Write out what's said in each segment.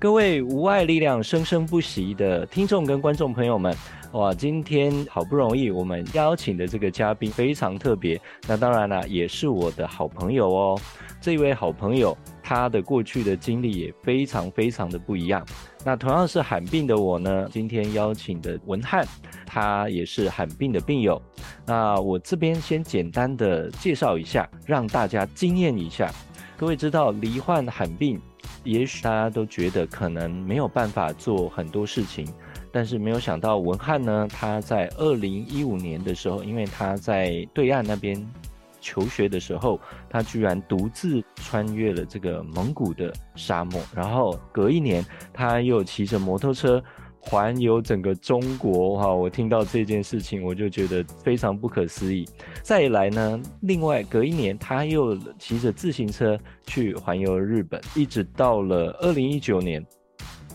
各位無礙力量生生不息的聽眾跟觀眾朋友們，哇，今天好不容易我們邀請的這個嘉賓非常特別，那當然了，也是我的好朋友哦。這位好朋友他的過去的經歷也非常非常的不一樣。那同樣是罕病的我呢，今天邀請的文瀚，他也是罕病的病友。那我這邊先簡單的介紹一下，讓大家驚豔一下。各位知道罹患罕病，也許大家都覺得可能沒有辦法做很多事情，但是沒有想到文瀚呢，他在二零一五年的時候，因為他在對岸那邊求學的時候，他居然獨自穿越了這個蒙古的沙漠，然後隔一年他又騎着摩托車。環遊整個中國哈，我聽到這件事情，我就覺得非常不可思議。再來呢，另外隔一年他又騎着自行車去環遊日本，一直到了二零一九年，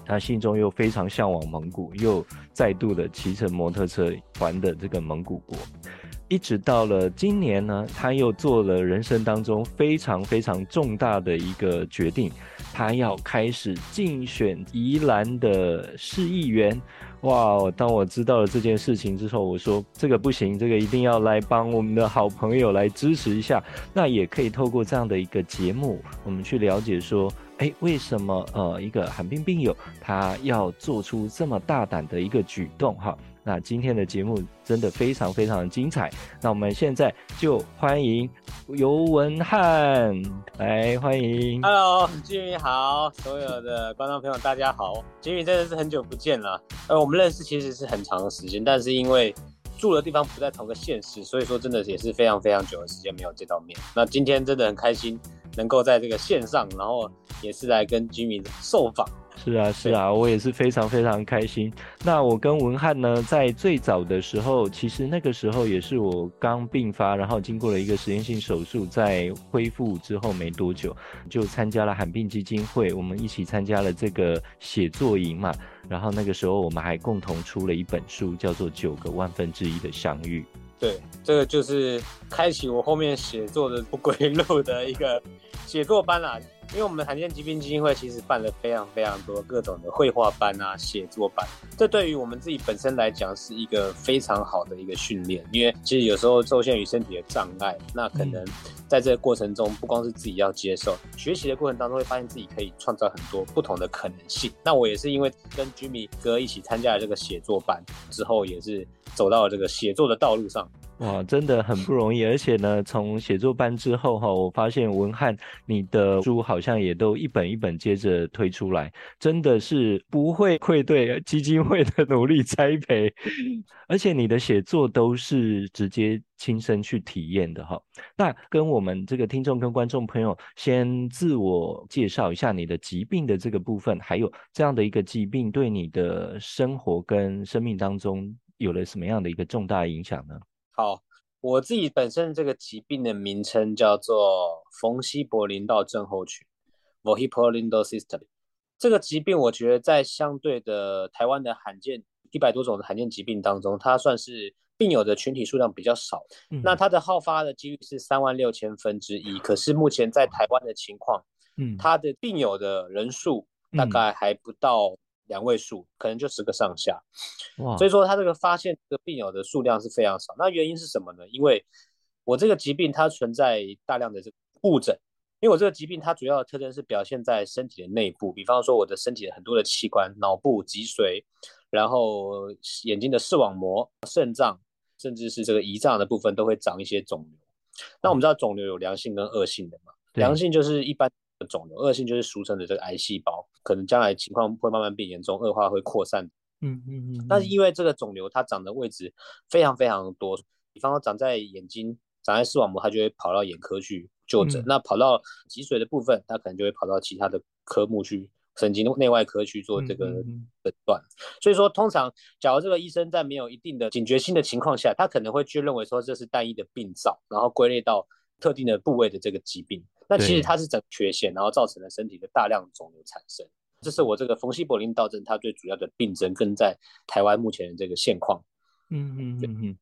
他心中又非常向往蒙古，又再度的騎乘摩托車環的這個蒙古國。一直到了今年呢，他又做了人生當中非常非常重大的一個決定，他要開始競選宜蘭的市議員。哇！當我知道了這件事情之後，我說這個不行，這個一定要來幫我們的好朋友來支持一下。那也可以透過這樣的一個節目，我們去了解說，誒，為什麼呃一個罕病病友他要做出這麼大膽的一個舉動哈？那今天的節目真的非常非常的精彩。那我們現在就歡迎尤文瀚來，歡迎。Hello，Jimmy 好，所有的觀眾朋友大家好。Jimmy 真的是很久不見了。呃，我們認識其實是很長的時間，但是因為住的地方不在同個縣市，所以說真的也是非常非常久的時間沒有見到面。那今天真的很開心能夠在這個線上，然後也是來跟 Jimmy 受訪。是啊，是啊，我也是非常非常開心。那我跟文瀚呢，在最早的時候，其實那個時候也是我剛病發，然後經過了一個實驗性手術，在恢復之後沒多久，就參加了罕病基金會，我們一起參加了這個寫作營嘛。然後那個時候，我們還共同出了一本書，叫做《九個萬分之一的相遇》。對，這個就是開啟我後面寫作的不歸路的一個寫作班啦、啊。因為我們罕見疾病基金會其實辦了非常非常多各種的繪畫班啊、寫作班，這對於我們自己本身來講是一個非常好的一個訓練，因為其實有時候受限於身體的障礙，那可能、嗯。在這個過程中，不光是自己要接受學習的過程當中，會發現自己可以創造很多不同的可能性。那我也是因為跟 Jimmy 哥一起參加了這個寫作班之後，也是走到了這個寫作的道路上。哇，真的很不容易，而且呢，從寫作班之後哈、哦，我發現文瀚，你的書好像也都一本一本接着推出來，真的是不會愧對基金會的努力栽培，而且你的寫作都是直接親身去體驗的哈。那、哦、跟我們這個聽眾跟觀眾朋友，先自我介紹一下你的疾病的這個部分，還有這樣的一個疾病對你的生活跟生命當中有了什麼樣的一個重大影響呢？好，我自己本身這個疾病的名稱叫做逢希伯‧林道症候群，Von Hippel-Lindau syndrome。這個疾病我覺得在相對的台灣的罕見一百多種的罕見疾病當中，它算是病友的群體數量比較少。嗯、那它的好發的幾率是三萬六千分之一，可是目前在台灣的情況，它的病友的人數大概還不到。兩位數可能就十個上下，Wow. 所以說他這個發現這個病友的數量是非常少。那原因是什麼呢？因為我這個疾病它存在大量的這個誤診，因為我這個疾病它主要的特徵是表現在身體的內部，比方說我的身體很多的器官，腦部、脊髓，然後眼睛的視網膜、腎臟，甚至是這個胰臟的部分都會長一些腫瘤。Wow. 那我們知道腫瘤有良性跟惡性的嘛？良性就是一般。腫瘤惡性就是俗稱的這個癌細胞，可能將來情況會慢慢變嚴重，惡化會擴散。嗯嗯嗯。嗯，但是因為這個腫瘤它長的位置非常非常多，比方說長在眼睛、長在視網膜，它就會跑到眼科去就診；嗯、那跑到脊髓的部分，它可能就會跑到其他的科目去，神經內外科去做這個診斷、嗯嗯嗯。所以說，通常假如這個醫生在沒有一定的警覺性的情況下，他可能會去認為說這是單一的病灶，然後歸類到特定的部位的這個疾病。那其實它是整缺陷，然後造成了身體的大量腫瘤產生，這是我這個逢希伯林道症它最主要的病症跟在台灣目前的這個現況。嗯嗯嗯嗯，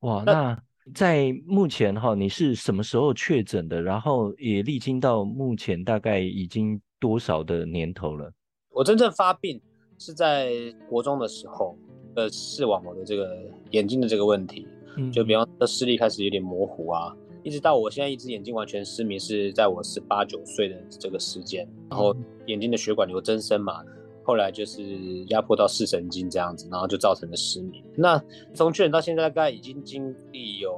哇，那，那在目前哈、哦，你是什麼時候確診的？然後也歷經到目前大概已經多少的年頭了？我真正發病是在國中的時候，呃，視網膜的這個眼睛的這個問題、嗯，就比方說視力開始有點模糊啊。一直到我現在一只眼睛完全失明，是在我十八九歲的這個時間，然後眼睛的血管瘤增生嘛，後來就是壓迫到視神經這樣子，然後就造成了失明。那從確診到現在大概已經經歷有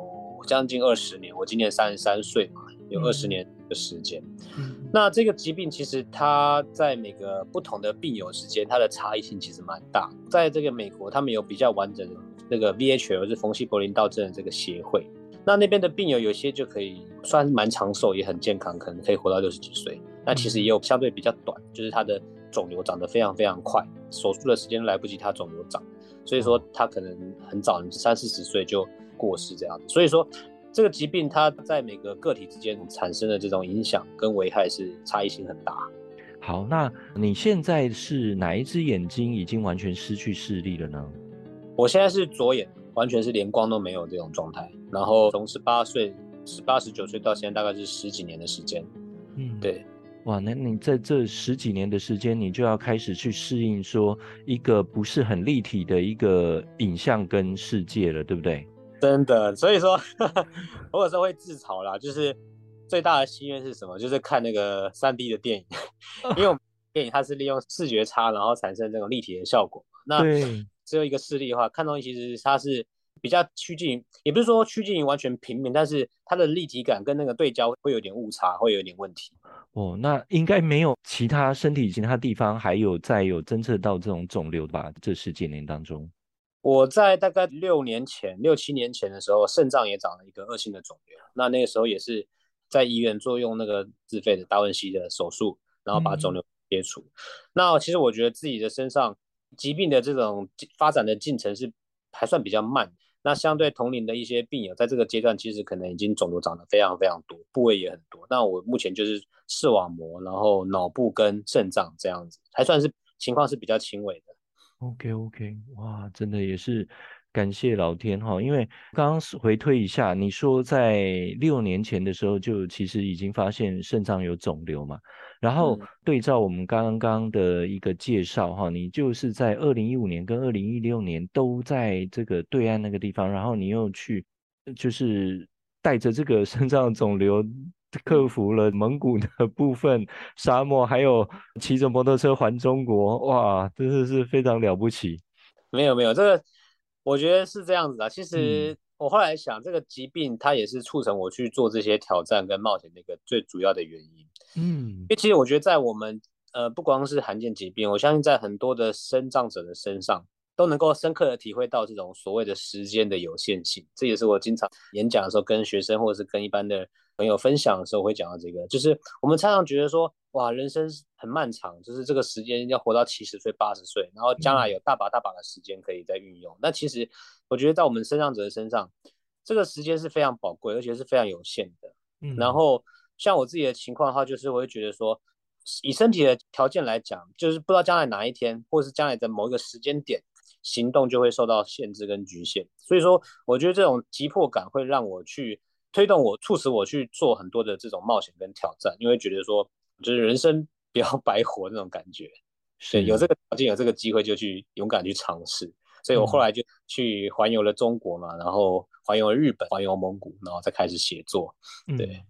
將近二十年，我今年三十三歲嘛，有二十年的時間。嗯嗯。那這個疾病其實它在每個不同的病友之間，它的差異性其實蠻大。在這個美國，他們有比較完整的那個 VHL，就是馮西柏林道症的這個協會。那那邊的病友有些就可以算蠻長壽，也很健康，可能可以活到六十幾歲。那其實也有相對比較短，就是他的腫瘤長得非常非常快，手術的時間來不及，他腫瘤長，所以說他可能很早，三四十歲就過世這樣子。所以說這個疾病，它在每個個體之間產生的這種影響跟危害是差異性很大。好，那你現在是哪一隻眼睛已經完全失去視力了呢？我現在是左眼。完全是連光都沒有這種狀態，然後從十八歲、十八十九歲到現在，大概是十幾年的時間。嗯，對，哇，那你在這十幾年的時間，你就要開始去適應說一個不是很立體的一個影像跟世界了，對不對？真的，所以說， 我有時候會自嘲啦，就是最大的心願是什麼？就是看那個三 D 的電影， 因為電影它是利用視覺差，然後產生這種立體的效果。那。對只有一個視力的話，看東西其實它是比較趨近，也不是說趨近於完全平面，但是它的立體感跟那個對焦會有點誤差，會有點問題。哦，那應該沒有其他身體其他地方還有再有偵測到這種腫瘤吧？這十幾年當中，我在大概六年前、六七年前的時候，腎臟也長了一個惡性的腫瘤。那那個時候也是在醫院做用那個自費的達文西的手術，然後把腫瘤切除，嗯。那其實我覺得自己的身上，疾病的這種發展的進程是還算比較慢，那相對同齡的一些病友，在這個階段其實可能已經腫瘤長得非常非常多，部位也很多。那我目前就是視網膜，然後腦部跟腎臟這樣子，還算是情況是比較輕微的。OK OK，哇，真的也是感謝老天齁，因為剛剛回推一下，你說在六年前的時候就其實已經發現腎臟有腫瘤嘛。然後對照我們剛剛的一個介紹，哈，你就是在二零一五年跟二零一六年都在這個對岸那個地方，然後你又去，就是帶着這個腎臟腫瘤克服了蒙古的部分沙漠，還有騎着摩托車環中國，哇，真的是非常了不起。沒有沒有，這個我覺得是這樣子的，其實。嗯我後來想，這個疾病它也是促成我去做這些挑戰跟冒險的一個最主要的原因。嗯，因為其實我覺得在我們呃，不光是罕見疾病，我相信在很多的身障者的身上。都能夠深刻的體會到這種所謂的時間的有限性，這也是我經常演講的時候跟學生或者是跟一般的朋友分享的時候，我會講到這個，就是我們常常覺得說，哇，人生很漫長，就是這個時間要活到七十歲、八十歲，然後將來有大把大把的時間可以再運用。那、嗯、其實我覺得在我們身障者身上，這個時間是非常寶貴，而且是非常有限的。嗯，然後像我自己的情況的話，就是我會覺得說，以身體的條件來講，就是不知道將來哪一天，或者是將來的某一個時間點，行動就會受到限制跟局限，所以說我覺得這種急迫感會讓我去推動我，促使我去做很多的這種冒險跟挑戰，因為覺得說就是人生不要白活那種感覺，是，對，有這個條件，有這個機會就去勇敢去嘗試，所以我後來就去環遊了中國嘛，嗯、然後環遊了日本，環遊了蒙古，然後再開始寫作、嗯，對，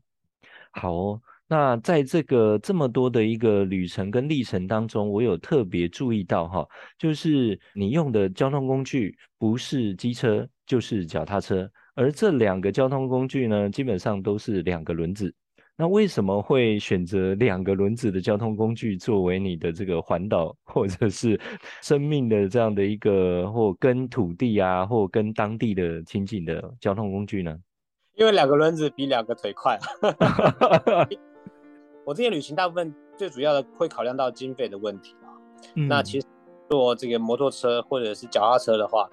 好、哦。那在這個這麼多的一個旅程跟歷程當中，我有特別注意到哈，就是你用的交通工具不是機車就是腳踏車，而這兩個交通工具呢，基本上都是兩個輪子。那為什麼會選擇兩個輪子的交通工具作為你的這個環島或者是生命的這樣的一個或跟土地啊或跟當地的親近的交通工具呢？因為兩個輪子比兩個腿快。 我這些旅行大部分最主要的會考量到經費的問題啊、嗯。那其實坐這個摩托車，或者是腳踏車的話，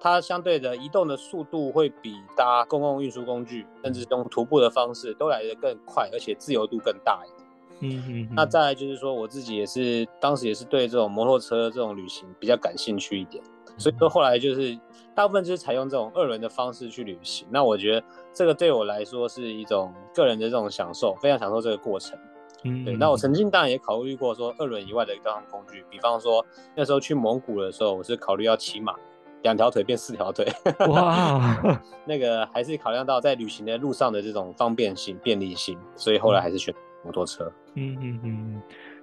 它相對的移動的速度會比搭公共運輸工具、嗯，甚至用徒步的方式都來得更快，而且自由度更大一點。嗯嗯，嗯。那再來就是說，我自己也是當時也是對這種摩托車的這種旅行比較感興趣一點，所以說後來就是大部分就是採用這種二輪的方式去旅行。那我覺得這個對我來說是一種個人的這種享受，非常享受這個過程。對，那我曾經當然也考慮過說二輪以外的交通工具，比方說那時候去蒙古的時候，我是考慮要騎馬，兩條腿變四條腿。哇、wow. 那個還是考量到在旅行的路上的這種方便性、便利性，所以後來還是選摩托車。嗯嗯嗯。嗯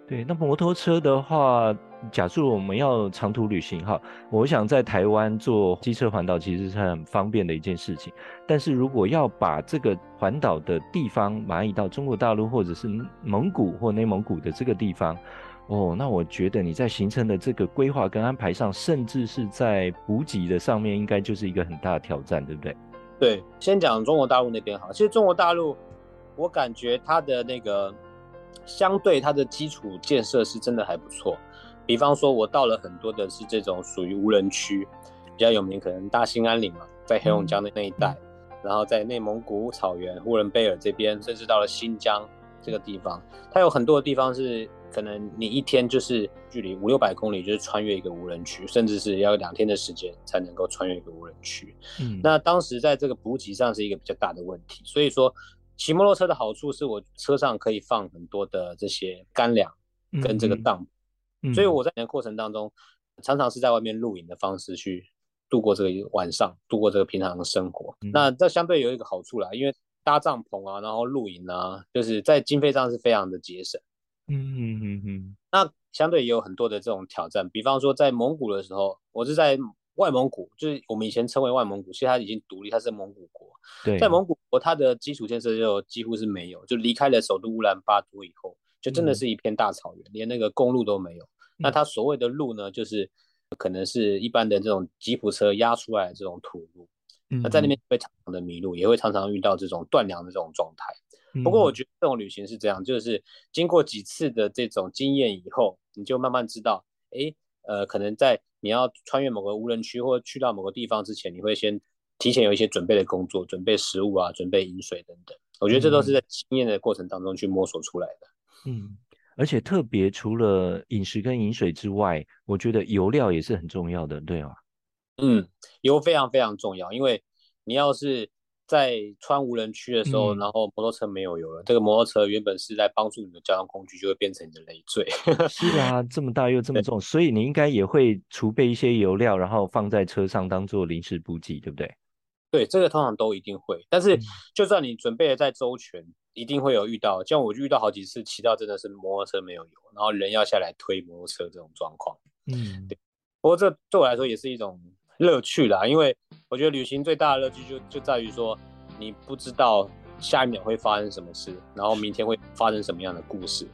對，那摩托車的話，假設我們要長途旅行哈，我想在台灣做機車環島其實是很方便的一件事情。但是如果要把這個環島的地方移到中國大陸或者是蒙古或內蒙古的這個地方，哦，那我覺得你在行程的這個規劃跟安排上，甚至是在補給的上面，應該就是一個很大的挑戰，對不對？對，先講中國大陸那邊好。其實中國大陸，我感覺它的那個。相對它的基礎建設是真的還不錯，比方說我到了很多的是這種屬於無人區，比較有名可能大興安嶺嘛，在黑龍江的那一帶，嗯嗯，然後在內蒙古草原、呼倫貝爾這邊，甚至到了新疆這個地方，它有很多的地方是可能你一天就是距離五六百公里，就是穿越一個無人區，甚至是要兩天的時間才能夠穿越一個無人區。嗯，那當時在這個補給上是一個比較大的問題，所以說。騎摩托車的好處是我車上可以放很多的這些乾糧跟這個帳篷、嗯嗯、所以我在旅行過程當中，常常是在外面露營的方式去度過這個晚上，度過這個平常的生活、嗯。那這相對有一個好處啦，因為搭帳篷啊，然後露營啊，就是在經費上是非常的節省。嗯嗯嗯嗯，那相對也有很多的這種挑戰，比方說在蒙古的時候，我是在。外蒙古就是我們以前稱為外蒙古，其實它已經獨立，它是蒙古國。在蒙古國，它的基礎建設就幾乎是沒有，就離開了首都烏蘭巴托以後，就真的是一片大草原，嗯，連那個公路都沒有。那它所謂的路呢，就是可能是一般的這種吉普車壓出來的這種土路，嗯。那在那邊會常常的迷路，也會常常遇到這種斷糧的這種狀態。不過我覺得這種旅行是這樣，就是經過幾次的這種經驗以後，你就慢慢知道，哎。呃，可能在你要穿越某個無人區或者去到某個地方之前，你會先提前有一些準備的工作，準備食物啊，準備飲水等等。我覺得這都是在經驗的過程當中去摸索出來的。嗯，而且特別除了飲食跟飲水之外，我覺得油料也是很重要的，對嗎？嗯，油非常非常重要，因為你要是。在穿無人區的時候、嗯，然後摩托車沒有油了，這個摩托車原本是在幫助你的交通工具，就會變成你的累贅。 是啊，這麼大又這麼重，所以你應該也會儲備一些油料，然後放在車上當做臨時補給，對不對？對，這個通常都一定會。但是就算你準備的再周全、嗯，一定會有遇到。像我遇到好幾次，騎到真的是摩托車沒有油，然後人要下來推摩托車這種狀況。嗯，對。不過這對我來說也是一種。樂趣啦，因為我覺得旅行最大的樂趣就就在於說，你不知道下一秒會發生什麼事，然後明天會發生什麼樣的故事。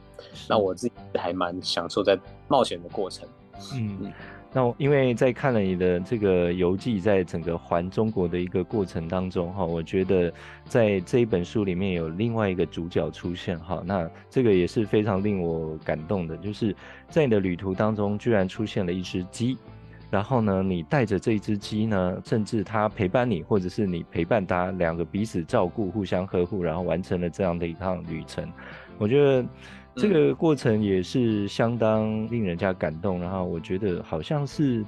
那我自己還蠻享受在冒險的過程。嗯，那我因為在看了你的這個遊記，在整個環中國的一個過程當中哈，我覺得在這一本書裡面有另外一個主角出現哈，那這個也是非常令我感動的，就是在你的旅途當中居然出現了一只雞。然後呢，你帶着這隻雞呢，甚至它陪伴你，或者是你陪伴它，兩個彼此照顧、互相呵護，然後完成了這樣的一趟旅程。我覺得這個過程也是相當令人家感動。然後我覺得好像是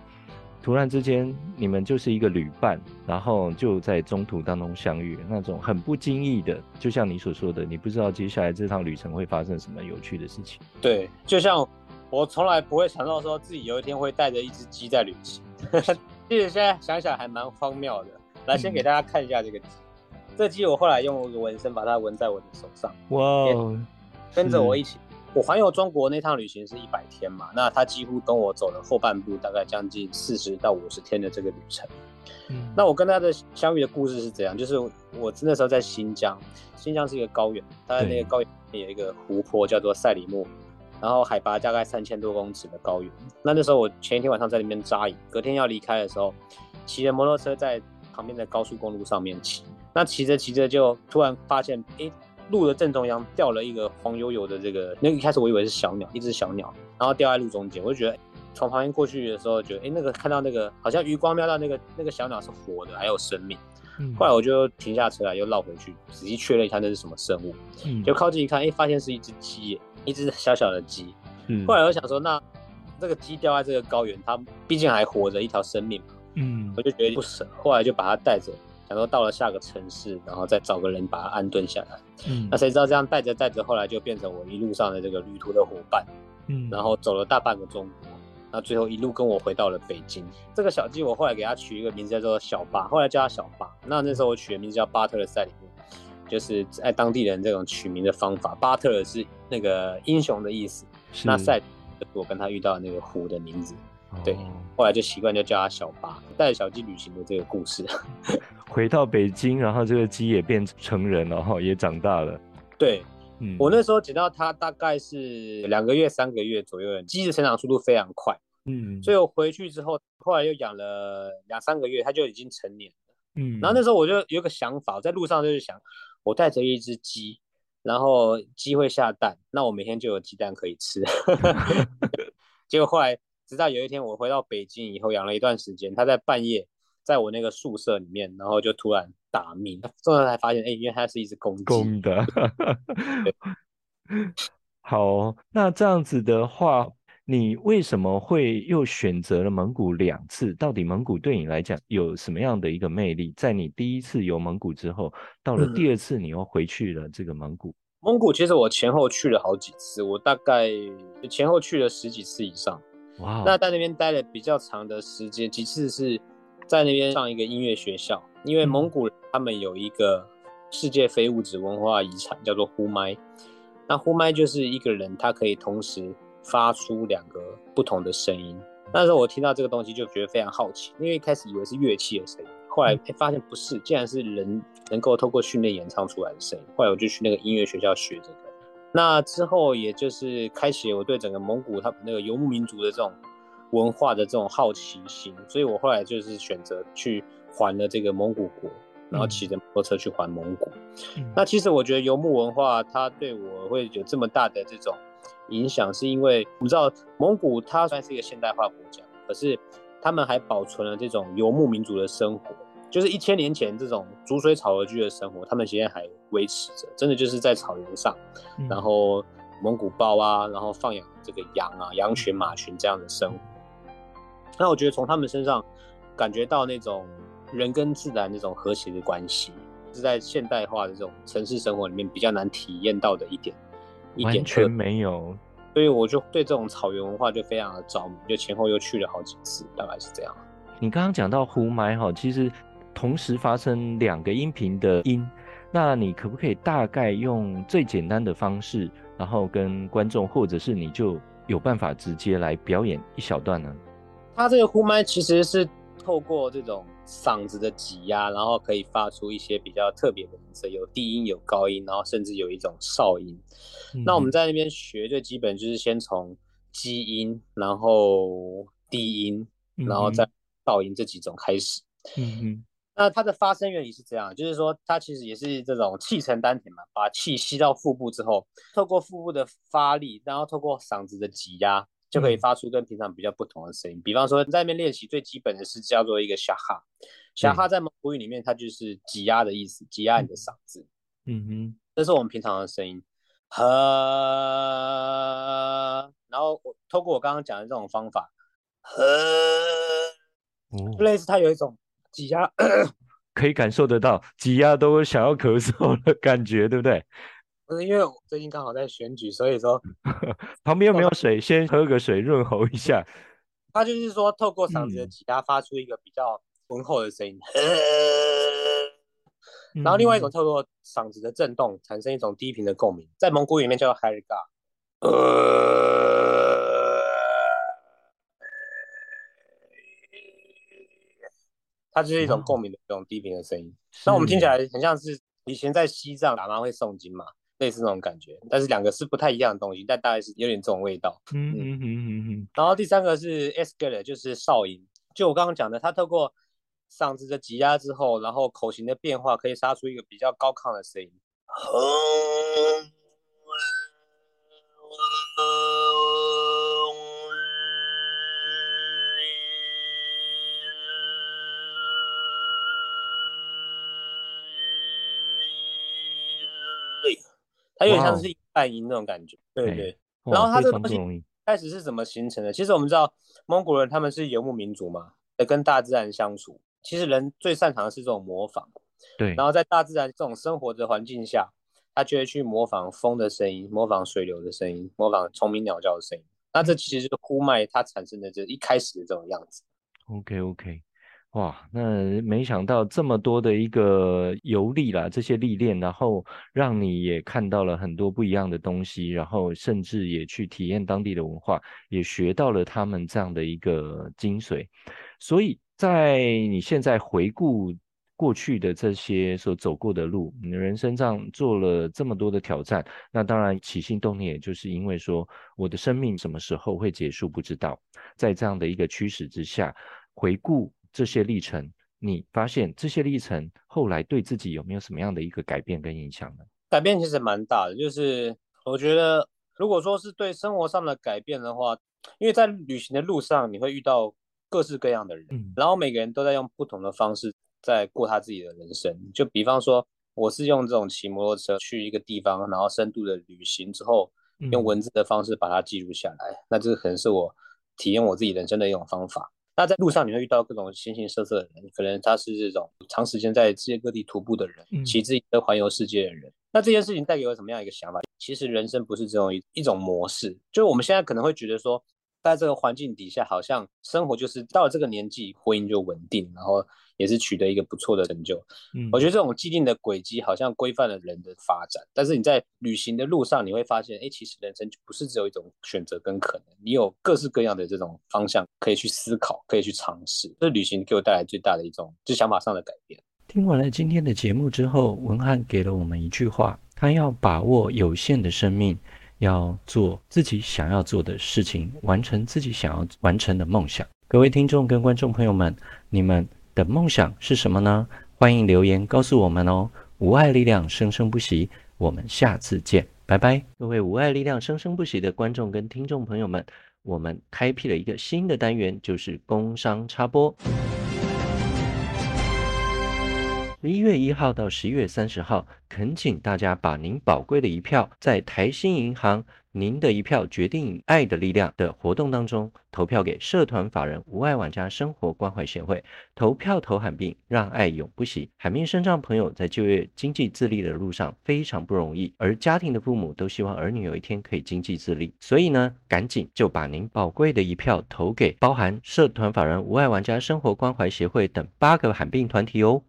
突然之間，你們就是一個旅伴，然後就在中途當中相遇，那種很不經意的，就像你所說的，你不知道接下來這趟旅程會發生什麼有趣的事情。對，就像。我從來不會想到說自己有一天會帶着一隻雞在旅行， 其實現在想想還蠻荒謬的。來，先給大家看一下這個雞。嗯、這個、雞我後來用紋身把它紋在我的手上。哇、wow！跟着我一起，我環遊中國那趟旅行是一百天嘛，那它幾乎跟我走了後半部，大概將近四十到五十天的這個旅程。嗯、那我跟它的相遇的故事是怎樣？就是我那時候在新疆，新疆是一個高原，它在那個高原裡面有一個湖泊叫做賽里木。然後海拔大概三千多公尺的高原，那那時候我前一天晚上在那邊紮營，隔天要離開的時候，騎着摩托車在旁邊的高速公路上面騎，那騎着騎着就突然發現，哎，路的正中央掉了一個黃油油的這個，那個、一開始我以為是小鳥，一隻小鳥，然後掉在路中間，我就覺得從旁邊過去的時候，覺得，哎，那個看到那個，好像餘光瞄到那個那個小鳥是活的，還有生命，後來我就停下車來又繞回去仔細確認一下那是什麼生物，就靠近一看，哎，發現是一隻雞耶。一隻小小的雞，嗯，後來我想說，那這個雞掉在這個高原，它畢竟還活着一條生命嘛，嗯，我就覺得不舍，後來就把它帶着，想說到了下個城市，然後再找個人把它安頓下來，嗯，那誰知道這樣帶着帶着，後來就變成我一路上的這個旅途的伙伴，嗯，然後走了大半個中國，那最後一路跟我回到了北京。這個小雞我後來給它取一個名字叫做小巴，後來叫它小巴。那那時候我取的名字叫巴特勒賽里就是在當地人這種取名的方法，巴特爾是那個英雄的意思。是那賽，我跟他遇到的那個虎的名字。哦，對，後來就習慣就叫他小巴。帶着小雞旅行的這個故事，回到北京，然後這個雞也變成人了，哈，也長大了。對，嗯、我那時候撿到它大概是兩個月，三個月左右，雞的成長的速度非常快。嗯，所以我回去之後，後來又養了兩三個月，它就已經成年了。嗯，然後那時候我就有個想法，我在路上就是想。我帶着一只雞，然後雞會下蛋，那我每天就有雞蛋可以吃。 結果後來，直到有一天我回到北京以後，養了一段時間，它在半夜在我那個宿舍裡面，然後就突然打鳴，突然才發現，哎、欸，因為它是一只公公的 好，那這樣子的話。你為什麼會又選擇了蒙古兩次？到底蒙古對你來講有什麼樣的一個魅力？在你第一次遊蒙古之後，到了第二次你又回去了這個蒙古？嗯。蒙古其實我前後去了好幾次，我大概前後去了十幾次以上。哇、wow，那在那邊待了比較長的時間，幾次是在那邊上一個音樂學校，因為蒙古他們有一個世界非物質文化遺產叫做呼麥，那呼麥就是一個人他可以同時。發出兩個不同的聲音。那時候我聽到這個東西就覺得非常好奇，因為一開始以為是樂器的聲音，後來、哎、發現不是，竟然是人能，能夠透過訓練演唱出來的聲音。後來我就去那個音樂學校學這個。那之後也就是開始我對整個蒙古他那個游牧民族的這種文化的這種好奇心，所以我後來就是選擇去環了這個蒙古國，然後騎着摩托車去環蒙古。嗯、那其實我覺得游牧文化它對我會有這麼大的這種。影響是因為我們知道蒙古它算是一個現代化國家，可是他們還保存了這種游牧民族的生活，就是一千年前這種逐水草而居的生活，他們現在還維持着，真的就是在草原上，然後蒙古包啊，然後放養這個羊啊、羊群、馬群這樣的生活。嗯、那我覺得從他們身上感覺到那種人跟自然那種和諧的關係，是在現代化的這種城市生活裡面比較難體驗到的一點。完全沒有，所以我就對這種草原文化就非常的着迷，就前後又去了好幾次，大概是這樣。你剛剛講到呼麥哈，其實同時發生兩個音頻的音，那你可不可以大概用最簡單的方式，然後跟觀眾，或者是你就有辦法直接來表演一小段呢啊？它這個呼麥其實是透過這種。嗓子的擠壓，然後可以發出一些比較特別的音色，有低音，有高音，然後甚至有一種哨音。嗯。那我們在那邊學最基本就是先從基音，然後低音，然後再哨音這幾種開始。嗯嗯。那它的發聲原理是這樣，就是說它其實也是這種氣沉丹田嘛，把氣吸到腹部之後，透過腹部的發力，然後透過嗓子的擠壓。 就可以發出跟平常比較不同的聲音。比方說，在那邊練習最基本的是叫做一個小哈。小 哈在蒙古語裡面，它就是擠壓的意思，擠、嗯、壓你的嗓子嗯。嗯哼，這是我們平常的聲音。呵，然後我通過我剛剛講的這種方法，呵，哦、類似它有一種擠壓，可以感受得到擠壓都想要咳嗽的感覺，對不對？不是因為我最近剛好在選舉，所以說 旁邊又沒有水，先喝個水潤喉一下。他就是說透過嗓子的擠壓發出一個比較渾厚的聲音、嗯，然後另外一種、嗯、透過嗓子的震動產生一種低頻的共鳴，在蒙古語裡面叫哈爾嘎、嗯，它就是一種共鳴的這種低頻的聲音。那、嗯、我們聽起來很像是以前在西藏喇嘛會誦經嘛。類似那種感覺，但是兩個是不太一樣的東西，但大概是有點這種味道。嗯嗯嗯嗯嗯，嗯。然後第三個是 s 的，就是哨音，就我剛剛講的，它透過嗓子的擠壓之後，然後口型的變化，可以殺出一個比較高亢的聲音。它有點像是一半音那種感覺，wow, 對對，對。然後它這個東西開始是怎麼形成的？其實我們知道，蒙古人他們是游牧民族嘛，跟大自然相處。其實人最擅長的是這種模仿。對。然後在大自然這種生活的環境下，他就會去模仿風的聲音，模仿水流的聲音，模仿蟲鳴鳥叫的聲音。那這其實是呼麥它產生的這一開始的這種樣子。OK OK。哇，那沒想到這麼多的一個遊歷啦，這些歷練，然後讓你也看到了很多不一樣的東西，然後甚至也去體驗當地的文化，也學到了他們這樣的一個精髓。所以在你現在回顧過去的這些所走過的路，你的人生上做了這麼多的挑戰，那當然起心動念，也就是因為說我的生命什麼時候會結束不知道，在這樣的一個驅使之下，回顧，這些歷程，你發現這些歷程後來對自己有沒有什麼樣的一個改變跟影響呢？改變其實蠻大的，就是我覺得，如果說是對生活上的改變的話，因為在旅行的路上，你會遇到各式各樣的人、嗯，然後每個人都在用不同的方式在過他自己的人生。就比方說，我是用這種騎摩托車去一個地方，然後深度的旅行之後，用文字的方式把它記錄下來，嗯、那這可能是我體驗我自己人生的一種方法。那在路上你會遇到各種形形色色的人，可能他是這種長時間在世界各地徒步的人、騎自行車環遊世界的人。嗯。那這件事情帶給我什麼樣的一個想法？其實人生不是這種一，一種模式，就是我們現在可能會覺得說。在這個環境底下，好像生活就是到了這個年紀，婚姻就穩定，然後也是取得一個不錯的成就。嗯，我覺得這種既定的軌跡好像規範了人的發展，但是你在旅行的路上，你會發現，哎，其實人生就不是只有一種選擇跟可能，你有各式各樣的這種方向可以去思考，可以去嘗試。這旅行給我帶來最大的一種，就想法上的改變。聽完了今天的節目之後，文瀚給了我們一句話，他要把握有限的生命。要做自己想要做的事情，完成自己想要完成的夢想。各位聽眾跟觀眾朋友們，你們的夢想是什麼呢？歡迎留言告訴我們哦。無礙力量生聲不息，我們下次見，拜拜。各位無礙力量生聲不息的觀眾跟聽眾朋友們，我們開闢了一個新的單元，就是工商插播。十一月一號到十一月三十號，懇請大家把您寶貴的一票，在台新銀行“您的一票決定愛的力量”的活動當中，投票給社團法人無礙玩家生活關懷協會。投票投罕病，讓愛永不息。罕病身障朋友在就業經濟自立的路上非常不容易，而家庭的父母都希望兒女有一天可以經濟自立，所以呢，趕緊就把您寶貴的一票投給包含社團法人無礙玩家生活關懷協會等八個罕病團體哦。